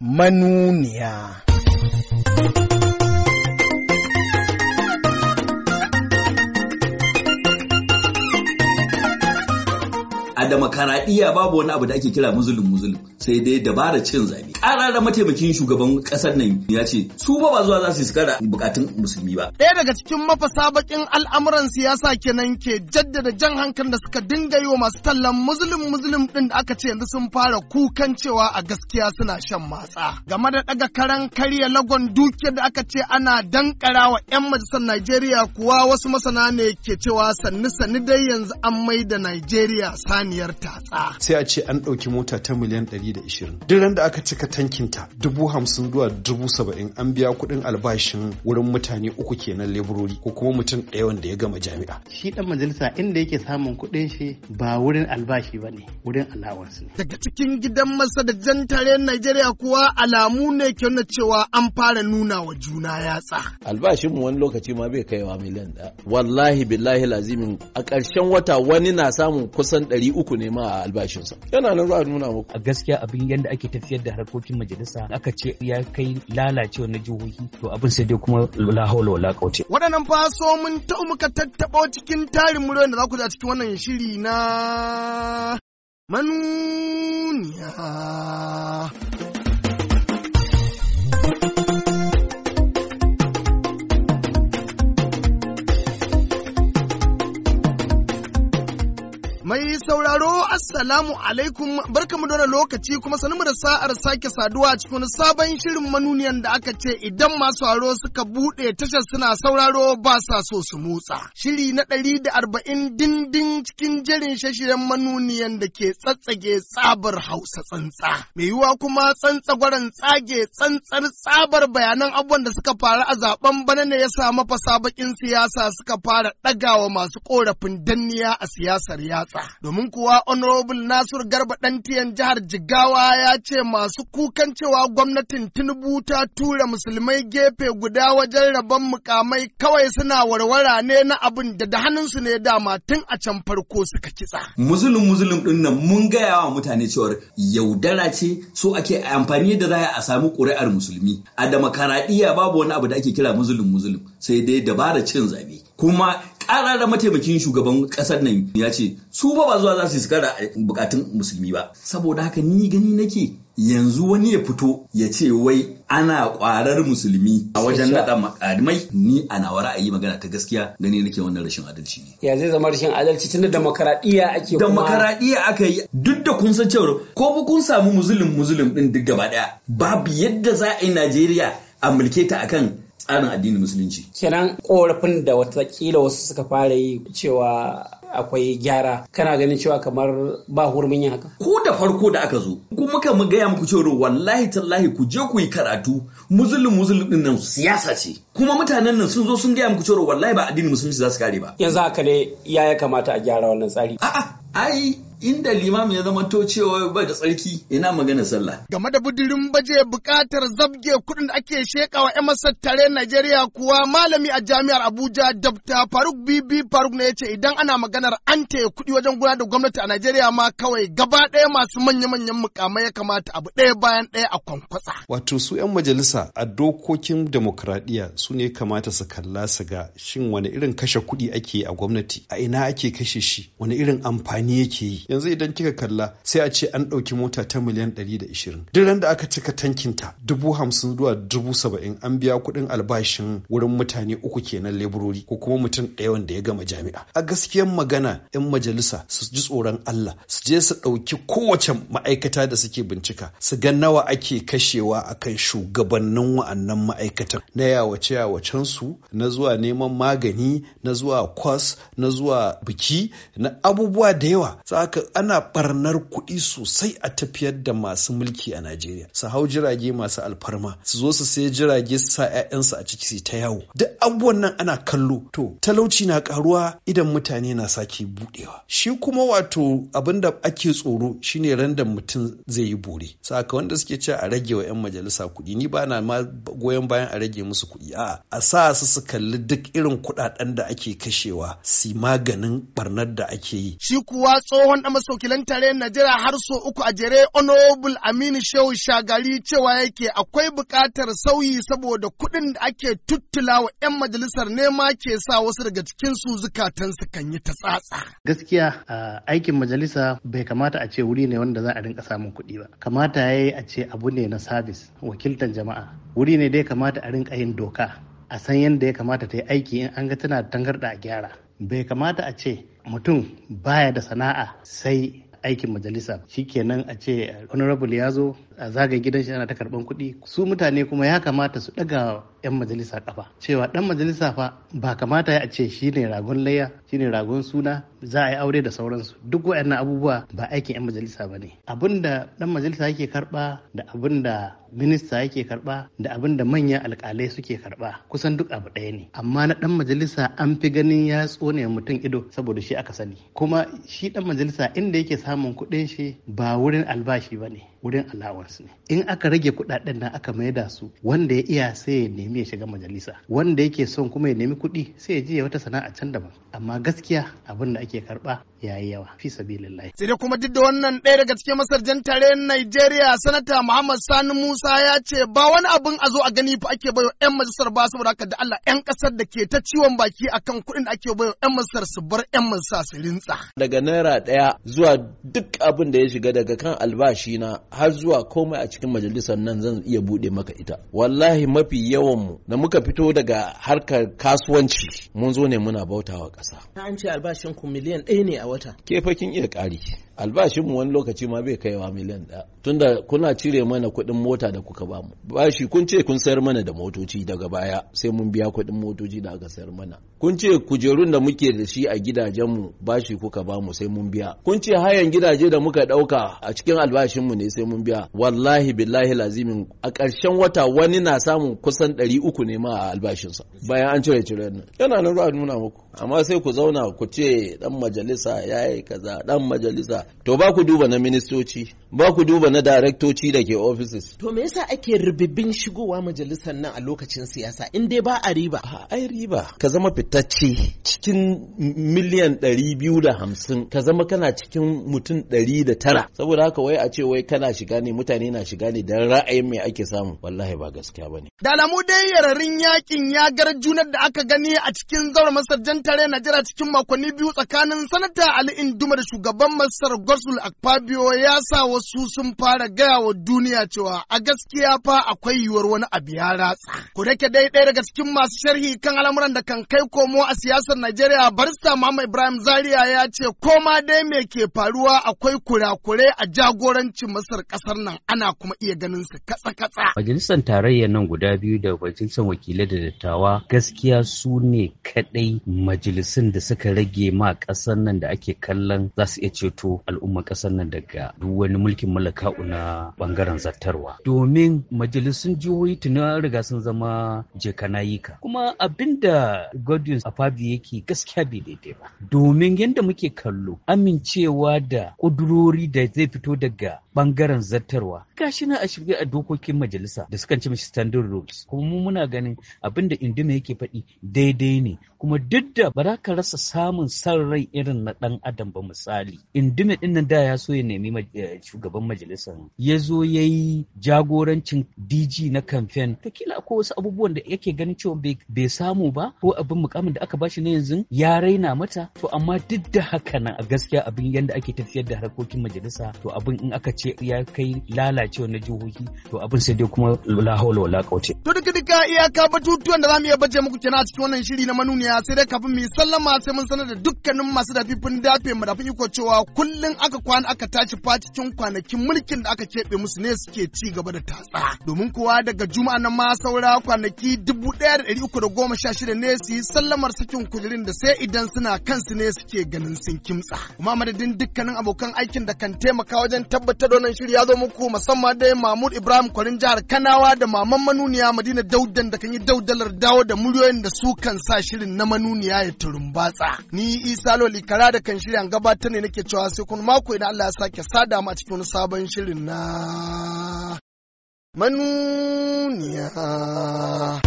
manuniya. a demokaradiyya babu wani abu da ake kira muzulun muzulun sai dai dabara cin zabe da mataimakin shugaban kasar nan ya ce su ba ba zuwa za su iskara bukatun musulmi ba ɗaya daga cikin mafasa bakin al'amuran siyasa kenan ke jaddada jan hankalin da suka dinga yi wa masu tallan muzulun muzulun din da aka ce yanzu sun fara kukan cewa a gaskiya suna shan matsa game da daga karan karya lagon duke da aka ce ana dankara wa 'yan majalisar Najeriya kuwa wasu masana ne ke cewa sanni sanni dai yanzu an mai da Najeriya sani hanyar tatsa ah. sai a ce an ɗauki mota ta miliyan 120 duk ran da aka cika tankinta dubu hamsin zuwa dubu saba'in an biya kuɗin albashin wurin mutane uku kenan leburori ko kuma mutum ɗaya wanda ya gama jami'a shi dan majalisa inda yake samun kuɗin shi ba wurin albashi ba ne wurin alawarsu ne daga cikin gidan masa da jan tare Najeriya kuwa alamu ne ke na cewa an fara nuna wa juna yatsa albashin mu wani lokaci ma bai kaiwa miliyan ɗaya wallahi billahi lazimin a ƙarshen wata wani na samun kusan ɗari uku ne ma a albashinsa yana nan za a nuna muku a gaskiya abin yadda ake tafiyar da harkokin majalisa aka ce ya kai lalacewa na jihohi to abin sai dai kuma la hawla wala quwwata waɗannan fa mun ta muka tattabo cikin tarin muryoyin da za ku ji a cikin wannan shiri na manuniya Mai sauraro Assalamu alaikum barkamu da lokaci kuma sanin da sa'ar sake saduwa cikin sabon shirin manuniyan da aka ce idan masu aro suka buɗe tashar suna sauraro ba sa so su motsa. Shiri na ɗari da arba'in dindin cikin jerin shashiren manuniyan da ke tsatsage tsabar Hausa tsantsa. Mai yiwuwa kuma tsantsa gwaran tsage tsantsar tsabar bayanan abubuwan da suka faru a zaben bana ne ya sa mafasa bakin siyasa suka fara ɗagawa masu korafin danniya a siyasar yatsa. domin kuwa honorable Nasir Garba ɗantiyan jihar Jigawa ya ce masu kukan cewa gwamnatin Tinubu ta tura musulmai gefe guda wajen rabon mukamai kawai suna warwara ne na abin da da hannunsu ne dama tun a can farko suka kitsa. Muzulun muzulun ɗin nan mun gaya wa mutane cewar yaudara ce so ake amfani da za a samu ƙuri'ar musulmi. A da babu wani abu da ake kira muzulun muzulun sai dai dabara cin zabe. Kuma karara mataimakin shugaban kasar nan ya ce su ba ba zuwa za su kara eh, bukatun musulmi ba saboda haka ni gani nake yanzu wani ya fito ya ce wai ana kwarar musulmi a wajen nada makadimai ni a nawa ra'ayi magana ta gaskiya gani nake wannan rashin adalci ne ya zai zama rashin adalci tunda demokaradiyya ake kuma demokaradiyya aka yi duk da kun san cewa ko ba kun samu musulun musulun din duk gaba daya babu yadda za a yi Najeriya a mulke ta akan tsarin addinin musulunci kenan korafin da watakila wasu suka fara yi cewa akwai gyara kana ganin cewa kamar ba hurmin yin haka ko da farko da aka zo kuma muka mu gaya muku cewa wallahi tallahi ku je ku yi karatu muzulun muzulun din nan siyasa ce kuma mutanen nan sun zo sun gaya muku cewa wallahi ba addinin musulunci za su kare ba yanzu haka ne ya ya kamata a gyara wannan tsari a'a ai inda limam ya zama to cewa bai da tsarki ina magana sallah. Game da budurin baje bukatar zabge kuɗin da ake sheka 'yan masar tare Najeriya kuwa malami a jami'ar Abuja Dr Faruk Bibi Faruk ne yace idan ana maganar an taya kuɗi wajen gudanar da gwamnati a Najeriya ma kawai gaba ɗaya masu manya-manyan mukamai ya kamata abu ɗaya bayan ɗaya a kwankwatsa. Wato su 'yan majalisa a dokokin demokradiya su ne kamata su kalla su ga shin wani irin kashe kuɗi ake a gwamnati a ina ake kashe shi wani irin amfani yake yi yanzu idan kika kalla sai a ce an ɗauki mota ta miliyan 120 duk ran da aka cika tankin ta dubu hamsin zuwa dubu saba'in an biya kuɗin albashin wurin mutane uku kenan leburori ko kuma mutum ɗaya wanda ya gama jami'a a gaskiyan magana 'yan majalisa su ji tsoron Allah su je su ɗauki kowace ma'aikata da suke bincika su ga nawa ake kashewa akan shugabannin wa'annan ma'aikatan na yawace yawacen su na zuwa neman magani na zuwa kwas na zuwa biki na abubuwa da yawa za ana barnar kuɗi sosai a tafiyar da masu mulki a Najeriya su hau jirage masu alfarma su zo su sai jirage su sa 'ya'yansu a ciki su ta yawo duk abubuwan nan ana kallo to talauci na karuwa idan mutane na sake budewa shi kuma wato abinda ake tsoro shine randa mutum zai yi bore saka wanda suke ce a rage wa 'yan majalisa kuɗi ni ba na ma goyon bayan a rage musu kuɗi a'a a sa su su kalli duk irin kuɗaɗen da ake kashewa su maganin barnar da ake yi shi kuwa tsohon faɗa masaukilan na jira har so uku a jere Honorable Aminu Shehu Shagari cewa yake akwai buƙatar sauyi saboda kuɗin da ake tuttula wa 'yan majalisar nema ke sa wasu daga cikin su zukatan su kan yi ta tsatsa. Gaskiya aikin majalisa bai kamata a ce wuri ne wanda za a rinka samun kuɗi ba. Kamata ya yi a ce abu ne na sabis wakiltar jama'a. Wuri ne dai kamata a rinka yin doka. A san yadda ya kamata ta yi aiki in an ga tana tangarɗa a gyara. Bai kamata a ce mutum baya da sana'a sai aikin majalisa shi shikenan a ce honorable ya zo a zagaye gidan shi ana ta karban kuɗi su mutane kuma ya kamata su ɗaga 'yan majalisa kafa cewa ɗan majalisa fa ba kamata ya ce shi ne ragon layya shi ne ragon suna za a yi aure da sauransu duk wa'annan abubuwa ba aikin 'yan majalisa ba ne abin da ɗan majalisa yake karɓa da abin da minista yake karɓa da abin da manyan alƙalai suke karɓa kusan duk abu ɗaya ne amma na ɗan majalisa an fi ganin ya tsone mutum ido saboda shi aka sani kuma shi ɗan majalisa inda yake samun kuɗin shi ba wurin albashi ba ne wurin alawar masu ne in aka rage kudaden nan aka maida su wanda ya iya sai ya nemi ya shiga majalisa wanda yake son kuma ya nemi kuɗi sai ya je wata sana'a can daban amma gaskiya abin da ake karba ya yi yawa fi sabilillahi sai kuma duk da wannan ɗaya daga cikin masarjan tare Najeriya sanata Muhammad Sani Musa ya ce ba wani abin a zo a gani fa ake bayo ƴan majalisar ba saboda haka da Allah ƴan ƙasar da ke ta ciwon baki akan kuɗin da ake bayo ƴan majalisar su bar ƴan majalisa su rintsa daga naira ɗaya zuwa duk abin da ya shiga daga kan albashi na har zuwa komai a cikin majalisar nan zan iya buɗe maka ita wallahi mafi yawan mu da muka fito daga harkar kasuwanci mun zo ne muna bautawa ƙasa an ce albashin ku miliyan ɗaya ne a a wata ke fa kin iya ƙari Albashin mu wani lokaci ma bai kaiwa miliyan ɗaya tunda kuna cire mana kuɗin mota da kuka bamu bashi kun ce kun sayar mana da motoci daga baya sai mun biya kuɗin motoci da aka sayar mana kun ce kujerun da muke da shi a gidajenmu bashi kuka bamu sai mun biya kun ce hayan gidaje da muka ɗauka a cikin albashinmu ne sai mun biya wallahi billahi lazimin a ƙarshen wata wani na samun kusan ɗari uku ne ma a albashinsa bayan an cire cire nan yana nan ruwa nuna muku amma sai ku zauna ku ce dan majalisa ya yi kaza dan majalisa to ba ku duba na ministoci ba ku duba na daraktoci da ke offices. To me yasa ake ribibin shigowa majalisar nan a lokacin siyasa in dai ba a riba? Ai riba ka zama fitacce cikin miliyan ɗari biyu da hamsin ka zama kana cikin mutum ɗari da tara saboda haka wai a ce wai kana shiga ne mutane na shiga ne da ra'ayin me ake samu wallahi ba gaskiya ba ne. Da alamu dai yararin yakin ya junar da aka gani a cikin zaura tare na Najeriya cikin makonni biyu tsakanin sanata Ali Induma da shugaban Masar Gosul Akpabio ya sa wasu sun fara gaya wa duniya cewa a gaskiya fa akwai yiwuwar wani abu ya ratsa. Ku dake dai ɗaya daga cikin masu sharhi kan al'amuran da kan kai komo a siyasar Najeriya barista Mama Ibrahim Zariya ya ce ko ma dai me ke faruwa akwai kurakure a jagorancin Masar kasar nan ana kuma iya ganin su katsa-katsa. Majalisar tarayya nan guda biyu da majalisar wakilai da dattawa gaskiya su ne kaɗai majalisun da suka rage ma ƙasar nan da ake kallon za su iya ceto al'ummar ƙasar nan daga duk wani mulkin mallakau na bangaren zartarwa domin majalisun jihohi tuna riga sun zama jekanayika kuma abinda godwin afabi yake gaskiya bai daidai ba domin yadda muke kallo amincewa da kudurori da zai fito daga bangaren zartarwa gashi na a shirye a dokokin majalisa da suka ci mishi standard rules kuma mu muna ganin abinda indima yake faɗi daidai ne kuma duk da ba za ka rasa samun san rai irin na ɗan adam ba misali indima ɗin da ya so ya nemi eh, shugaban majalisar ya zo ya yi jagorancin DG na kamfen ta kila ko wasu abubuwan da yake ganin cewa bai samu ba ko abin mukamin da aka ba shi na yanzu ya raina mata to amma duk da haka nan a gaskiya abin yadda ake tafiyar da harkokin majalisa to abin in aka ce ya kai lalacewa na jihohi to abin sai dai kuma lahaula wala kauce to duka duka iyaka batutuwan da zamu iya baje muku kenan a cikin wannan shiri na manuniya sai dai kafin mu sallama sai mun sanar da dukkanin masu dafifin dafe mu dafin iko cewa kullun aka kwana aka tashi cikin kwana kwanakin mulkin da aka keɓe musu ne suke ci gaba da tatsa. Domin kuwa daga juma'a na ma saura kwanaki dubu ɗaya da ɗari uku da goma sha shida ne su yi sallamar sakin kujerun da sai idan suna kansu ne suke ganin sun kimtsa. Kuma madadin dukkanin abokan aikin da kan taimaka wajen tabbatar da wannan shiri ya zo muku musamman dai Mahmud Ibrahim Kwarin jihar Kanawa da Maman Manuniya Madina Daudan da kan yi daudalar dawo da muryoyin da su kan sa shirin na Manuniya ya turumbatsa. Ni Isa Loli Kara da kan shirya gabatar ne nake cewa sai kun mako idan Allah ya sake sada mu a cikin wani sabon shirin na manuniya.